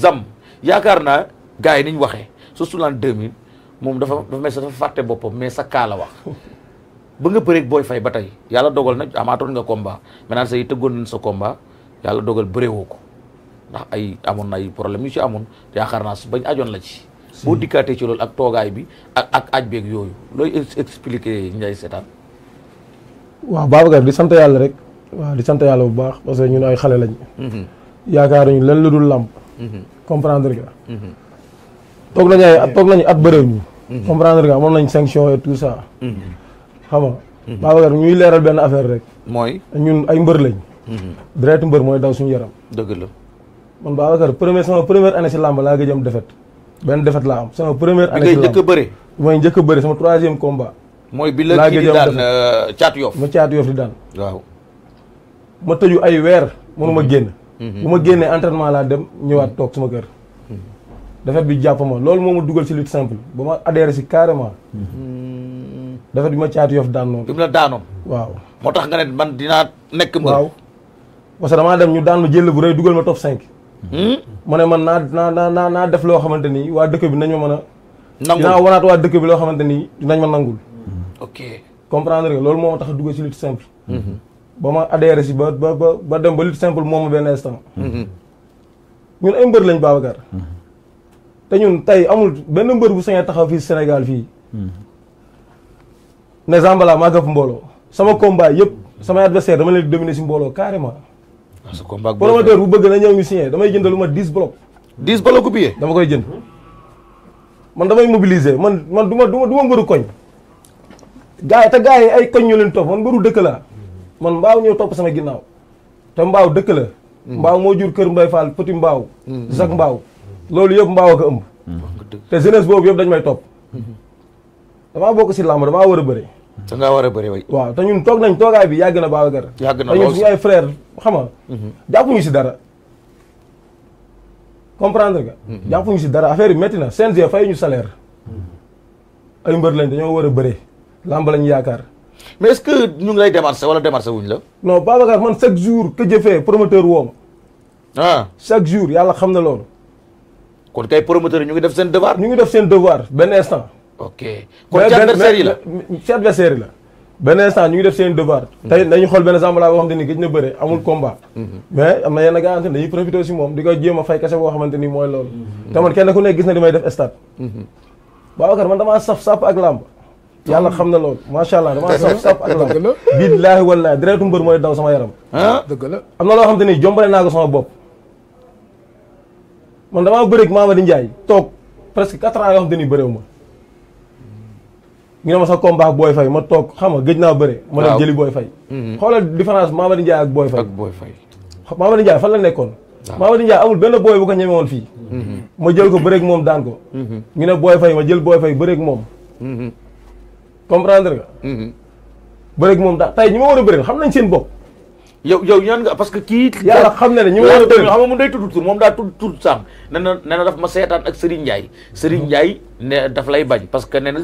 zam yaakaar na gaay niñ ni su waxee l'an 2000 mom dafa dafa mel dafa faté boppam mais sa kala wax ba nga bëreeg boy fay batay yalla dogal nag amatoon nga combat menan say tëggoon nañ sa combat yalla dogal bëreewoo woko ndax ay amon na ay problème yu ci amon yaakaar na su bañ ajoon la ci. bo dikaté ci lol ak togaay bi ak ak aj ak yoyu loy expliquer ñay Ndiaye wa baba gam di sante yalla rek. wa di sante yalla bu baax parce que ñun ay xalé lañ. Mm-hmm. yaakaar nañu lenn lu dul làmb comprendre nga. Mhm. toog nañu ay tok lañ at bërëb ñu. Mhm. comprendre nga moom lañ sanction et tout ça. Mhm. xam nga. ba wër ñuy léral ben affaire rek. moy ñun ay mbeur lañ. direct mbeur moy daw suñu yaram. deug la. man ba wër premier sama première année ci lamb la gëjëm défaite ben défaite la am sama première année si làmb bi ngay njëkk a bëri. mooy njëkk sama troisième combat. moy bi la ki di daan euh, chat yof ma chat yof di daan. waaw. ma teju ay wër mënuma génn. Mhm. bu ma génnee entraînement laa dem ñëwaat toog suma kër. Mhm. defet bi jàpp ma loolu moo ma dugal ci lutte simple ba ma adhéré si carrément. Mhm. defet bi ma caatu yof daan noonu. bi mu la daanoon. waaw moo tax nga ne man dinaa nekk mbër. waaw parce que damaa dem daan ma jël bu rëy dugal ma top 5. Hmm? mu ne man naa naa naa naa def loo xamante ni waa dëkk bi nañ ma mën a. nangul dinaa wanaat waa dëkk bi loo xamante ni nañ ma nangul. ok comprendre nga loolu moo ma tax dugal ci lutte simple. bama adhéré ci ba ba ba dem ba lutte simple moom ben instant. ñun ay mbeur lañ Babacar. té ñun tay amul ben mbeur bu sañé taxaw fi Sénégal fii. né Zambala ma gaf mbolo sama combat yépp sama adversaire dama lay dominer ci mbolo carrément. parce ah, que combat promoteur bu bëgg na ñëw ñu signé damay jënd lu 10 blocs. 10 blocs ku billet. dama koy jënd man damay mobiliser man man duma duma du ma koñ. gaay ta gaay ay koñ ñu leen top man mbeuru dëkk la man mbaaw ñëw topp sama ginnaaw te mbaaw dëkk la mm. mbaaw moo jur kër mbay Fall petit mbaaw mm. Zac mbaaw loolu yëpp mbaaw a ko mm. te jeunesse boobu yëpp dañ may topp mm-hmm. damaa bokk si làmb damaa war a bëri da ngaa war a bëri way te ñun toog nañ toogaay bi yàgg na Babacar yàgg na lool te ay frère xam nga mm-hmm. jàppuñu si dara comprendre nga mm-hmm. jàppuñu si dara affaire yi métti na CNG fay ñu saleer ay mbër lañ dañoo war a bëri làmb lañuy yaakaar mais est-ce que ñu ngi lay démarché wala démarché wuñ la. non Babacar man chaque jour que jëfee promoteur woo ma. ah chaque jour yàlla xam ne loolu. kon kay promoteur yi ñu ngi def seen devoir. ñu ngi def seen devoir benn instant. ok kon ci adversaire yi la ci adversaire yi la. benn instant ñu ngi def seen devoir. Mhm. tey dañu xool benn laa boo xamante ni gëj na bëre amul mhm. combat. Mhm. mais am na yenn gars yoo dañuy profité si moom di ko jéem a fay kese boo xamante ni mooy loolu. te man kenn ku nekk gis na li may def stade. Babacar man damaa saf sàpp ak làmb. yalla xamna lool ma sha allah dama soog saf ak loolu. billaahi wallaahi deretu mbër moy daw sama yaram. han deug la ah, amna lo loo ni jombale naa sama bop man dama beurek Mamady ndjay tok presque 4 ans yo xam te ni bëreew ma. ñu ne sa combat ak Boy fay ma tok xama nga gëj naa ma dem jeli Boy fay mhm. xolal difference Mamady ndjay ak Boy fay ak Boy fay Mamady ndjay fan la nekkon waaw ndjay amul benn boy bu ko ñëmé won fi mhm. ma jël ko beurek mom daan ko. ñu mhm. ne Boy fay ma jël Boy fay beurek mom comprendre nga. Mhm. bëreeg moom daal tey ñi ma war a bëri xam nañ seen bopp. yow yow ñaan nga parce que kii. yàlla xam na ne ñi ma war a bëri xam nga mu day tudd tur moom daa tudd tur saam nee na nee daf ma seetaan ak Serigne Ndiaye. Serigne mhm. Ndiaye ne daf lay bañ parce que nee na